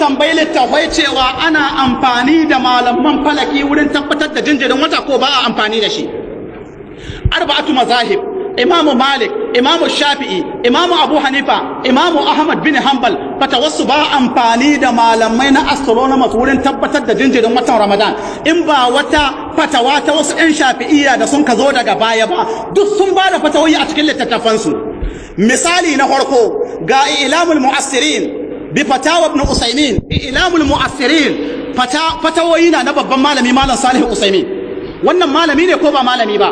tambayi littafai cewa ana amfani da malaman falaki wurin tabbatar da jinjirin wata ko ba a amfani da shi arba'atu mazahib imamu malik imamu shafi'i imamu abu hanifa imamu ahmad bin hanbal wasu ba amfani da malamai na astronomers wurin tabbatar da jinjirin watan ramadan in ba wata fatawa ta wasu 'yan shafi'iyya da sun ka zo daga baya ba duk sun ba da fatawoyi a cikin littattafansu misali na farko ga ilamul mu'assirin bi fatawa ibn usaymin ilamul mu'assirin fatawoyi na na babban malami malam salihu usaymin wannan malami ne ko ba malami ba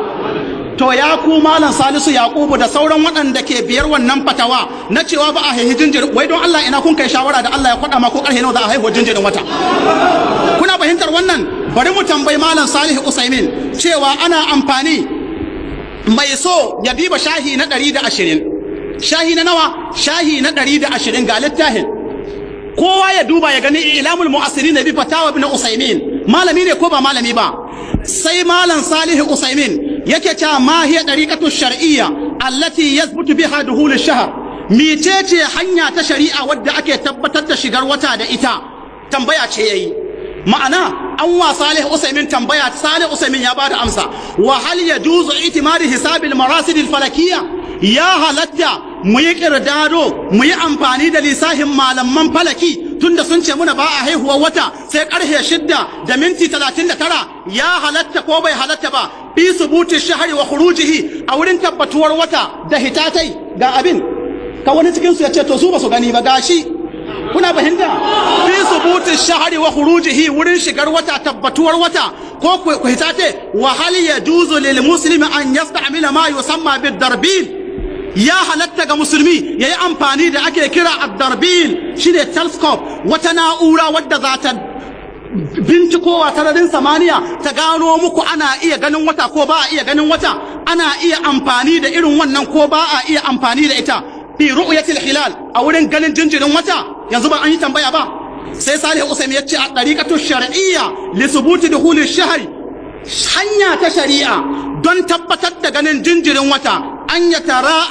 to ya ku malam salisu yaqubu da sauran waɗanda ke biyar wannan fatawa na cewa ba a haihi jinjirin wai don Allah ina kun kai shawara da Allah ya kwaɗa ma ko karhe nawa za a haihu jinjirin wata kuna fahimtar wannan bari mu tambayi malam salihu usaymin cewa ana amfani mai so ya diba shahi na ɗari da ashirin shahi na nawa shahi na ɗari da ashirin ga littafin kowa ya duba ya gani ilamul mu'assirin bi fatawa ibn usaimin malami ne ko ba malami ba sai malam salihu usaimin yake cewa ma hiya dariqatu shar'iyya allati yathbutu biha duhul shahr mecece hanya ta shari'a wadda ake tabbatar da shigar wata da ita tambaya ce yayi ma'ana an wa salih usaimin tambaya salih usaimin ya bada amsa wa hal yajuzu itimadi hisabil marasid falakiyya ya halatta mu yi kirdado mu yi amfani da lisahin malaman falaki tunda sun ce muna ba a haihuwa wata sai karhe shidda da minti talatin da tara ya halatta ko bai halatta ba fi subuti shahari wa khurujihi a wurin tabbatuwar wata da hitatai ga abin ka wani cikin su ya ce to su ba su gani ba gashi kuna fahimta fi subuti shahari wa khurujihi wurin shigar wata tabbatuwar wata ko ku hitate wa hal yajuzu lil muslimi an yasta'mila ma yusamma bid darbil ya halatta ga musulmi ya yi amfani da ake kira shi ne telescope wata na'ura wadda za ta wa sararin samaniya ta gano muku ana iya ganin wata ko ba a iya ganin wata ana iya amfani da irin wannan ko ba a iya amfani da ita fi ru'yatil hilal a wurin ganin jinjirin wata yanzu ba an yi tambaya ba sai Salihu Usaim ya ce a dariqatu shar'iyya li thubuti dukhul ash hanya ta shari'a don tabbatar da ganin jinjirin wata an ya tara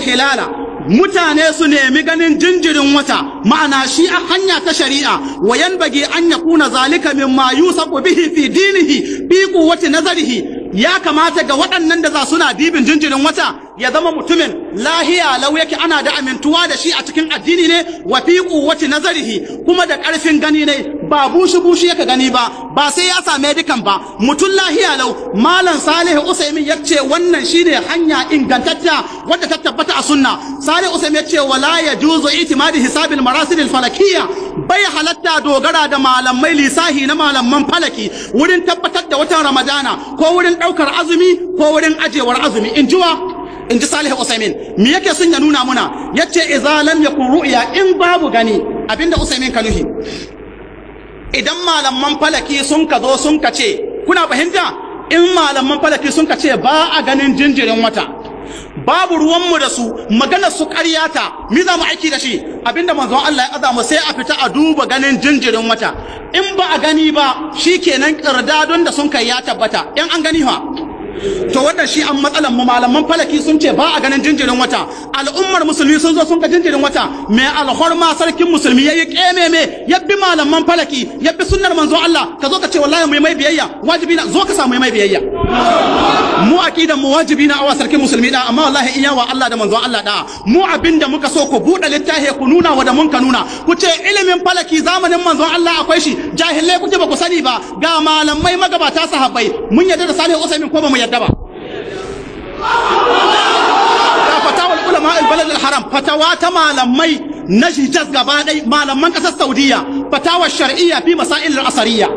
hilala mutane su nemi ganin jinjirin wata ma'ana shi a hanya ta shari'a wa yanbagi an zalika mimma yusaqu bihi fi dinihi bi quwwati nazarihi ya kamata ga waɗannan da za suna dibin jinjirin wata ya zama mutumin lahiya lau yake ana da amintuwa da shi a cikin addini ne wa fi quwwati nazarihi kuma da ƙarfin gani ne ba bushi bushi yaka gani ba ba sai ya same dukan ba mutum lahiya lau malam salihu usaimin ya ce wannan shine hanya ingantacciya wadda ta tabbata a sunna salihu usaimin ya ce wala ya juzu itimadi hisabil marasil falakiyya bai halatta dogara da malamai lisahi na malaman falaki wurin tabbatar da watan ramadana ko wurin daukar azumi ko wurin ajewar azumi in jiwa in ji salih usaimin me yake sun ya nuna muna yace idza ya yakun ru'ya in babu gani abinda usaimin kanuhi idan malaman falaki sun ka zo sun ka ce kuna fahimta in malaman falaki sun ka ce ba a ganin jinjirin wata babu ruwanmu da su maganar su karyata mi za mu aiki da shi abinda manzon Allah ya azama sai a fita a duba ganin jinjirin wata in ba a gani ba shi shikenan kirdadon da sun kai ya tabbata in an gani ha to wannan shi an matsalan mu malaman falaki sun ce ba a ganin jinjirin wata al'ummar musulmi sun zo sun ga jinjirin wata mai alhorma sarkin musulmi yayi kememe yabbi malaman falaki yabbi sunnar manzo Allah ka zo ka ce wallahi mu mai biyayya wajibi na zo ka samu mai biyayya mu aƙidan mu wajibi na awa sarkin musulmi da amma wallahi in yawa Allah da manzon Allah da mu abinda muka so ku buɗe littafi ku nuna wa da mun ka nuna ku ce ilimin falaki zamanin manzon Allah akwai shi jahilai kuke ba ku sani ba ga malamai magabata sahabbai mun yarda da Salihu Usaimin ko ba mu yarda ba fatawar ulama albalad haram fatawa ta malamai na hijaz gaba ɗai malaman ƙasar saudiya fatawar shar'iyya fi masail al-asariyya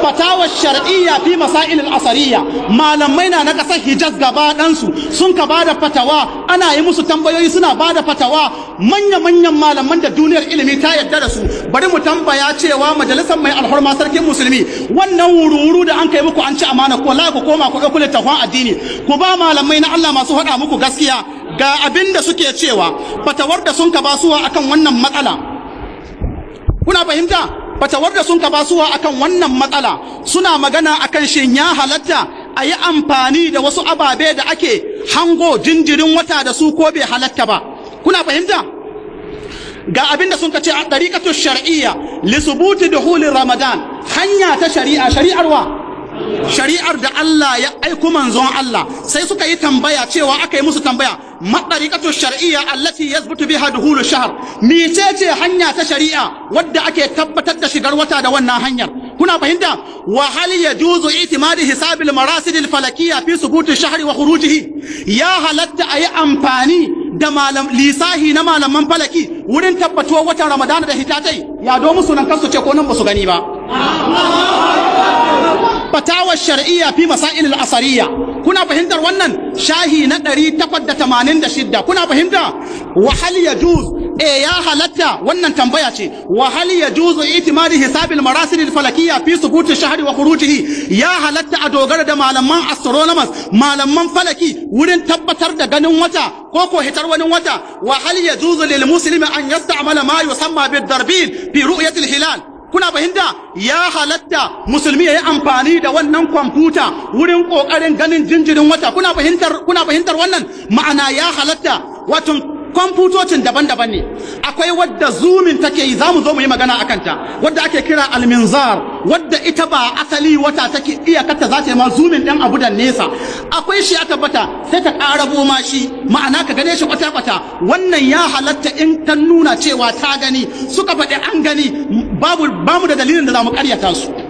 fatawa shar'iyya fi masail asariya asariyya malamai na na kasar Hijaz gaba ɗansu sun ka bada fatawa ana yi musu tambayoyi suna bada fatawa manya manyan malaman da duniyar ilimi ta yarda da su bari mu tambaya cewa majalisar mai alhorma sarkin musulmi wannan wuru da an kai muku an ci amana ko la ku koma ku ɗauko littafin addini ku ba malamai na Allah masu haɗa muku gaskiya ga abin da suke cewa fatawar da sun ka basuwa akan wannan matsala kuna fahimta Batawar da sun ka basuwa akan wannan matsala suna magana akan shin ya halatta a yi amfani da wasu ababe da ake hango jinjirin wata da su ko bai halatta ba kuna fahimta ga abin da sun ka ce a ɗariƙatu shar'iyya lisubuti da duhulin ramadan hanya ta shari'a shari'ar wa shari'ar da Allah ya aiko manzon Allah sai suka yi tambaya cewa aka yi musu tambaya madarikatu shar'iyya allati yazbutu biha duhulu shahr mecece hanya ta shari'a wadda ake tabbatar da shigar wata da wannan hanyar kuna fahimta wa hal yajuzu itimadi hisabil marasid al falakiyya fi subuti shahri wa khurujihi ya halatta ayi amfani da malam lisahi na malaman falaki wurin tabbatuwar watan ramadana da hitatai ya do musu nan kansu ce ko nan ba su gani ba fatawar shar'iyya fi masail asariya, kuna fahimtar wannan shahi na 886 kuna fahimta wa hal yajuz e ya halatta wannan tambaya ce wahal hal yajuz itimadi hisabil marasil al-falakiyya fi subut ash-shahr wa khurujihi ya halatta a dogara da malaman astronomers malaman falaki wurin tabbatar da ganin wata ko ko hitar wani wata wa yajuz lil muslimi an yasta'mala ma yusamma bid-darbin fi ru'yati hilal kuna fahimta ya halatta musulmi ya yi amfani da wannan kwamfuta wurin ƙoƙarin ganin jinjirin wata kuna fahimtar kuna fahimtar wannan ma'ana ya halatta wato kwamfutocin daban-daban ne akwai wadda zumin take yi za mu zo mu yi magana a kanta wadda ake kira alminzar wadda ita ba asali wata take iyakarta za ta yi ma zumin ɗan abu da nesa akwai shi ya tabbata sai ta ƙarabo ma shi ma'ana ka gane shi kwata-kwata wannan ya halatta in ta nuna cewa ta gani suka faɗi an gani babu bamu da dalilin da za mu ƙaryata su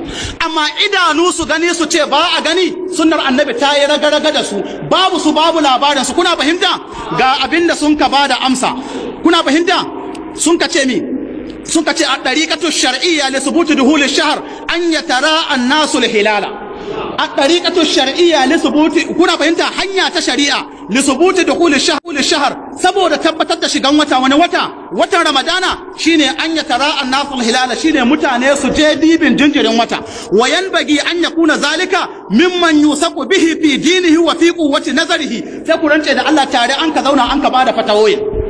amma idanu su gani su ce ba a gani sunnar annabi ta yi raga da su babu su babu labarin su kuna fahimta ga abin da sun ka ba da amsa kuna fahimta sun ka ce mi sun ka ce a ɗariƙatu shar'iyya li subuti duhulin shahar an yatara annasu nasu hilala a ɗariƙatu shar'iyya li subuti kuna fahimta hanya ta shari'a li subuti dukhul ash saboda tabbatar da shigan wata wani wata watan ramadana shine an yatara an shine mutane su je dibin jinjirin wata Wayan yanbaghi an yakuna zalika mimman yusaku bihi fi dinihi wa fi quwwati nazarihi sai ku rance da Allah tare an ka zauna an ka bada fatawoyin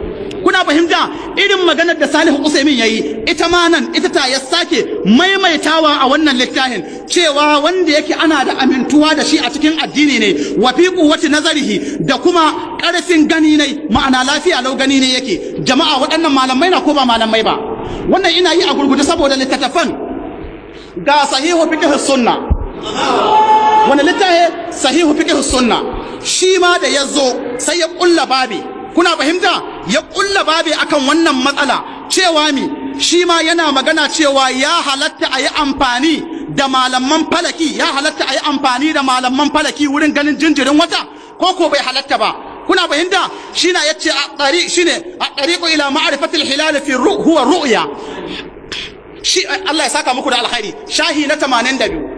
ka fahimta irin maganar da Salihu Usaimin yayi ita ma nan ita ta ya sake maimaitawa a wannan littafin cewa wanda yake ana da amintuwa da shi a cikin addini ne wa fi quwwati nazarihi da kuma karfin gani ne ma'ana lafiya lau gani ne yake jama'a waɗannan malamai na ko ba malamai ba wannan ina yi a gurguje saboda littattafan ga sahihu fiqh sunna wani littafi sahihu fiqh sunna shi ma da yazo sai ya kulla babi kuna fahimta ya kulla babe akan wannan matsala cewa mi shi ma yana magana cewa ya halatta a yi amfani da malaman falaki ya halatta a yi amfani da malaman falaki wurin ganin jinjirin wata ko ko bai halatta ba kuna fahimta shi na yace a tsari ne a ko ila ma'arifatul hilal fi ru'ya shi Allah ya saka muku da alkhairi shahi na 82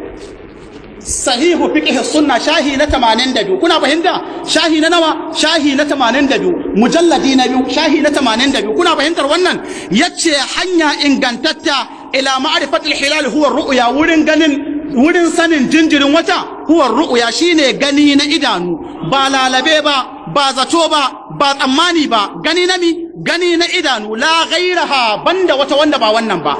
sahihu fiqh sunna shahi na 82 kuna fahimta shahi na nawa shahi na 82 mujalladi na biyu shahi na 82 kuna fahimtar wannan yace hanya ingantatta ila ma'rifatil hilal huwa ru'ya wurin ganin wurin sanin jinjirin wata huwa ru'ya shine gani na idanu ba lalabe ba ba zato ba ba tsammani ba gani na mi gani na idanu la ghairaha banda wata wanda ba wannan ba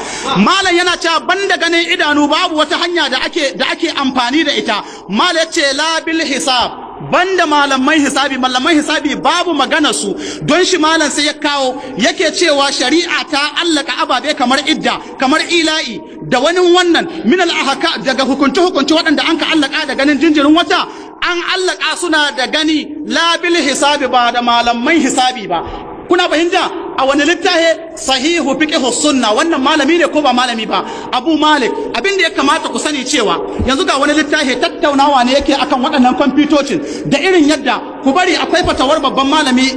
malam yana cewa banda ganin idanu babu wata hanya da ake da ake amfani da ita malam yace la bil hisab banda malaman hisabi malaman hisabi babu magana su don shi malam sai ya kawo yake cewa shari'a ta allaka ababe kamar idda kamar ila'i da wani wannan minal ahaka daga hukunce hukunce waɗanda an ka allaka da ganin jinjirin wata an allaka suna da gani labil hisabi ba da malaman hisabi ba kuna fahimta a wani littafi sahihu fiƙe, sunna wannan malami ne ko ba malami ba Abu Malik abin da ya kamata ku sani cewa yanzu ga wani littafi tattaunawa ne yake akan waɗannan kwamfutocin da irin yadda ku bari akwai fatawar babban malami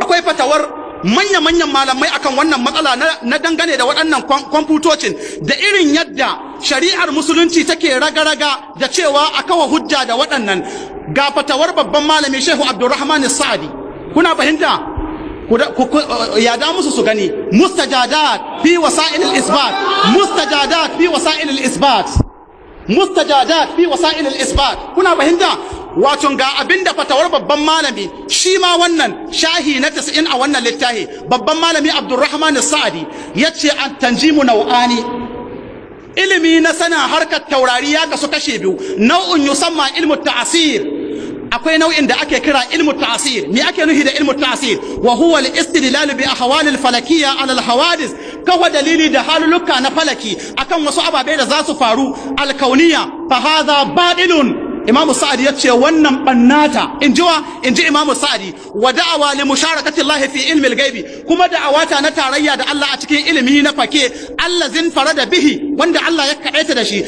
akwai fatawar manya-manyan malamai akan wannan matsala na dangane da waɗannan kwamfutocin da irin yadda shari'ar musulunci take raga-raga da cewa a kawa hujja da waɗannan ga fatawar babban malami shehu abdulrahman sa'adi kuna fahimta ya da musu su gani mustajadat fi wasa'il al-isbat mustajadat fi wasa'il al-isbat mustajadat fi wasa'il al-isbat kuna fahimta wato ga abinda fatawar babban malami shi ma wannan shahi na 90 a wannan littafi babban malami Abdulrahman Sa'adi yace an tanjimu nau'ani ilimi na sanin harkar taurari ya kasu kashe biyu nau'un yusamma ilmu ta'asir akwai nau'in da ake kira ilmu ta'asir me ake nufi da ilmu ta'asir wa huwa al-istidlal bi ahwal al-falakiyya ala al-hawadis kawa dalili da haluluka na falaki akan wasu ababe da za su faru al-kauniyya fa hadha badilun imamu sa'adi ya ce wannan bannata in jiwa in ji imamu sa'adi wa da'awa li musharakati Allah fi ilmi al-ghaibi kuma da'awata na tarayya da Allah a cikin ilimi na fake allazin farada bihi wanda Allah ya kaɗaita da shi